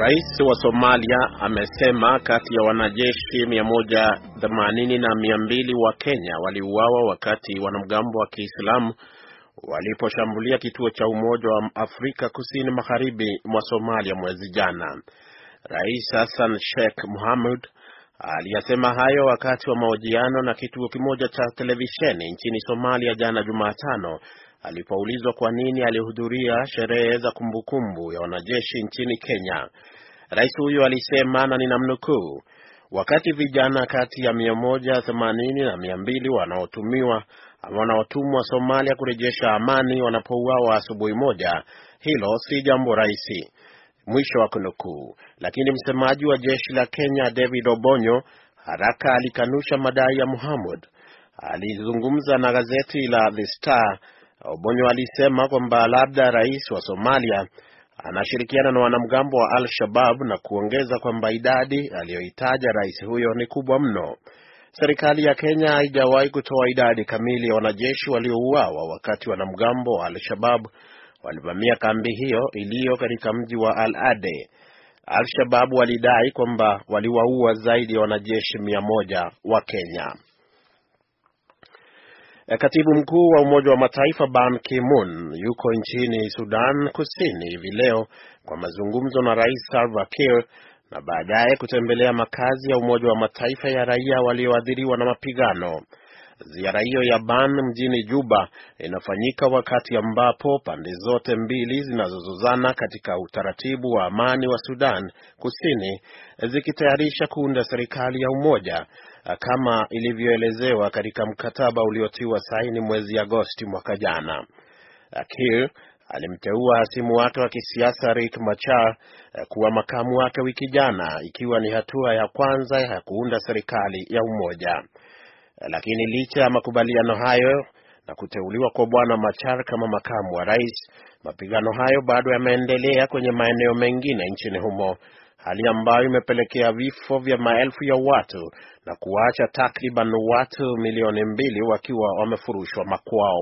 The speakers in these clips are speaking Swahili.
Rais wa Somalia amesema kati ya wanajeshi 180 na 200 wa Kenya waliuawa wakati wanamgambo wa Kiislamu waliposhambulia kituo cha Umoja wa Afrika kusini magharibi mwa Somalia mwezi jana. Rais Hassan Sheikh Mohamud aliyasema hayo wakati wa mahojiano na kituo kimoja cha televisheni nchini Somalia jana Jumatano alipoulizwa kwa nini alihudhuria sherehe za kumbukumbu ya wanajeshi nchini Kenya. Rais huyo alisema na ninamnukuu, wakati vijana kati ya 180 na 200 wanaotumiwa ama wanaotumwa Somalia kurejesha amani wanapouawa asubuhi moja, hilo si jambo rahisi, mwisho wa kunukuu. Lakini msemaji wa jeshi la Kenya David Obonyo haraka alikanusha madai ya Muhammad. Alizungumza na gazeti la The Star Obonyo alisema kwamba labda rais wa Somalia anashirikiana na wanamgambo wa Al-Shabab na kuongeza kwamba idadi aliyoitaja rais huyo ni kubwa mno. Serikali ya Kenya haijawahi kutoa idadi kamili ya wanajeshi waliouawa wakati wanamgambo wa Al-Shabab walivamia kambi hiyo iliyo katika mji wa Al-Ade. Al-Shabab walidai kwamba waliwaua zaidi ya wanajeshi mia moja wa Kenya. Eh, katibu mkuu wa Umoja wa Mataifa Ban Ki-moon yuko nchini Sudan Kusini hivi leo kwa mazungumzo na Rais Salva Kiir na baadaye kutembelea makazi ya Umoja wa Mataifa ya raia walioathiriwa na mapigano. Ziara hiyo ya Ban mjini Juba inafanyika wakati ambapo pande zote mbili zinazozozana katika utaratibu wa amani wa Sudan Kusini zikitayarisha kuunda serikali ya umoja kama ilivyoelezewa katika mkataba uliotiwa saini mwezi Agosti mwaka jana. Akil alimteua hasimu wake wa kisiasa rik Machar kuwa makamu wake wiki jana, ikiwa ni hatua ya kwanza ya kuunda serikali ya umoja. Lakini licha ya makubaliano hayo na kuteuliwa kwa bwana Machar kama makamu wa rais, mapigano hayo bado yameendelea kwenye maeneo mengine nchini humo, hali ambayo imepelekea vifo vya maelfu ya watu na kuacha takriban watu milioni mbili wakiwa wamefurushwa makwao.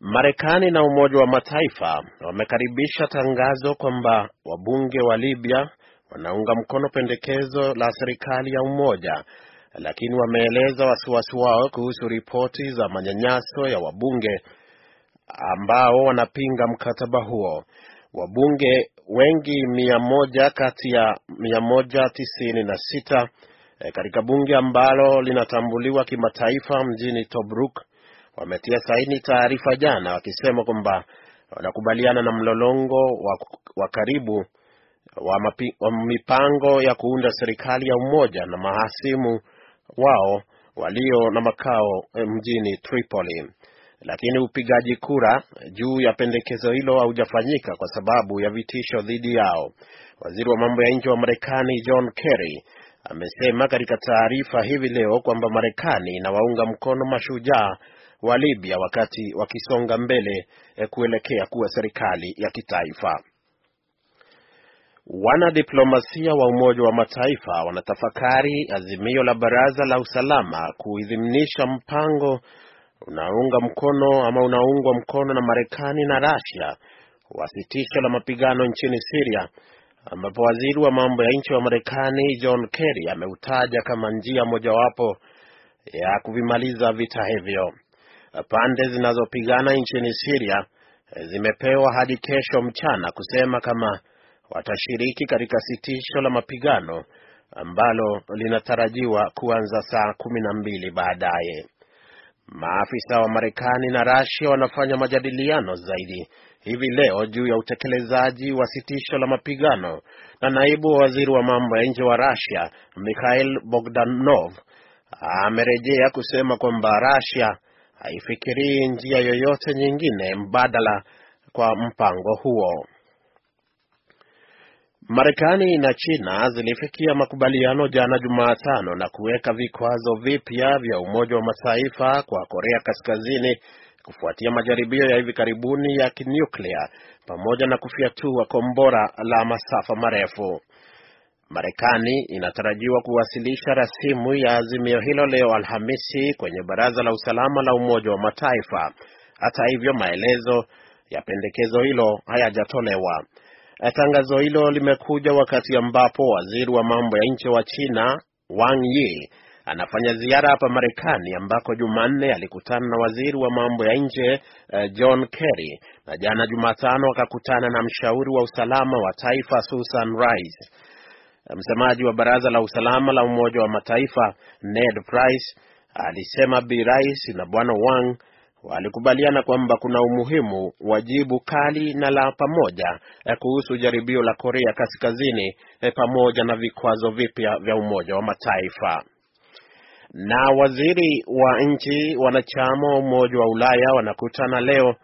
Marekani na Umoja wa Mataifa wamekaribisha tangazo kwamba wabunge wa Libya wanaunga mkono pendekezo la serikali ya umoja lakini wameeleza wasiwasi wao kuhusu ripoti za manyanyaso ya wabunge ambao wanapinga mkataba huo. Wabunge wengi mia moja kati ya mia moja tisini na sita e, katika bunge ambalo linatambuliwa kimataifa mjini Tobruk wametia saini taarifa jana wakisema kwamba wanakubaliana na mlolongo wa, wa karibu wa, mapi, wa mipango ya kuunda serikali ya umoja na mahasimu wao walio na makao eh, mjini Tripoli, lakini upigaji kura eh, juu ya pendekezo hilo haujafanyika kwa sababu ya vitisho dhidi yao. Waziri wa mambo ya nje wa Marekani John Kerry amesema katika taarifa hivi leo kwamba Marekani inawaunga mkono mashujaa wa Libya wakati wakisonga mbele eh, kuelekea kuwa serikali ya kitaifa. Wanadiplomasia wa Umoja wa Mataifa wanatafakari azimio la Baraza la Usalama kuidhiminisha mpango unaunga mkono ama unaungwa mkono na Marekani na Russia wa sitisho la mapigano nchini Syria ambapo waziri wa mambo ya nchi wa Marekani John Kerry ameutaja kama njia mojawapo ya kuvimaliza vita hivyo. Pande zinazopigana nchini Syria zimepewa hadi kesho mchana kusema kama watashiriki katika sitisho la mapigano ambalo linatarajiwa kuanza saa kumi na mbili baadaye. Maafisa wa Marekani na Rasia wanafanya majadiliano zaidi hivi leo juu ya utekelezaji wa sitisho la mapigano, na naibu wa waziri wa mambo ya nje wa Rasia Mikhail Bogdanov amerejea kusema kwamba Rasia haifikirii njia yoyote nyingine mbadala kwa mpango huo. Marekani na China zilifikia makubaliano jana Jumatano na kuweka vikwazo vipya vya Umoja wa Mataifa kwa Korea Kaskazini kufuatia majaribio ya hivi karibuni ya kinyuklia pamoja na kufyatua kombora la masafa marefu. Marekani inatarajiwa kuwasilisha rasimu ya azimio hilo leo Alhamisi kwenye Baraza la Usalama la Umoja wa Mataifa. Hata hivyo, maelezo ya pendekezo hilo hayajatolewa. Eh, tangazo hilo limekuja wakati ambapo waziri wa mambo ya nje wa China Wang Yi anafanya ziara hapa Marekani ambako Jumanne alikutana na waziri wa mambo ya nje eh, John Kerry na jana Jumatano akakutana na mshauri wa usalama wa taifa Susan Rice. Msemaji wa baraza la usalama la Umoja wa Mataifa Ned Price alisema Bi Rice na Bwana Wang walikubaliana kwamba kuna umuhimu wa jibu kali na la pamoja eh, kuhusu jaribio la Korea Kaskazini eh, pamoja na vikwazo vipya vya Umoja wa Mataifa. Na waziri wa nchi wanachama wa Umoja wa Ulaya wanakutana leo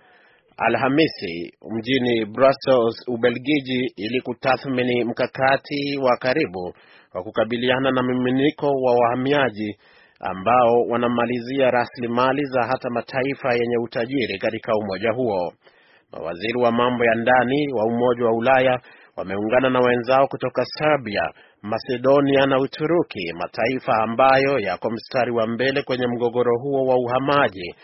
Alhamisi mjini Brussels, Ubelgiji ili kutathmini mkakati wa karibu wa kukabiliana na miminiko wa wahamiaji ambao wanamalizia rasilimali za hata mataifa yenye utajiri katika umoja huo. Mawaziri wa mambo ya ndani wa Umoja wa Ulaya wameungana na wenzao kutoka Serbia, Macedonia na Uturuki, mataifa ambayo yako mstari wa mbele kwenye mgogoro huo wa uhamaji,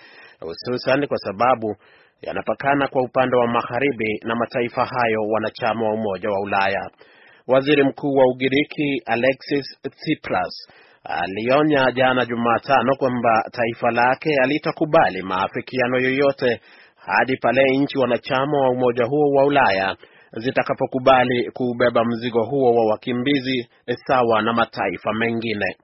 hususan kwa sababu yanapakana kwa upande wa magharibi na mataifa hayo wanachama wa Umoja wa Ulaya. Waziri Mkuu wa Ugiriki Alexis Tsipras Ah, alionya jana Jumatano kwamba taifa lake halitakubali maafikiano yoyote hadi pale nchi wanachama wa umoja huo wa Ulaya zitakapokubali kubeba mzigo huo wa wakimbizi eh, sawa na mataifa mengine.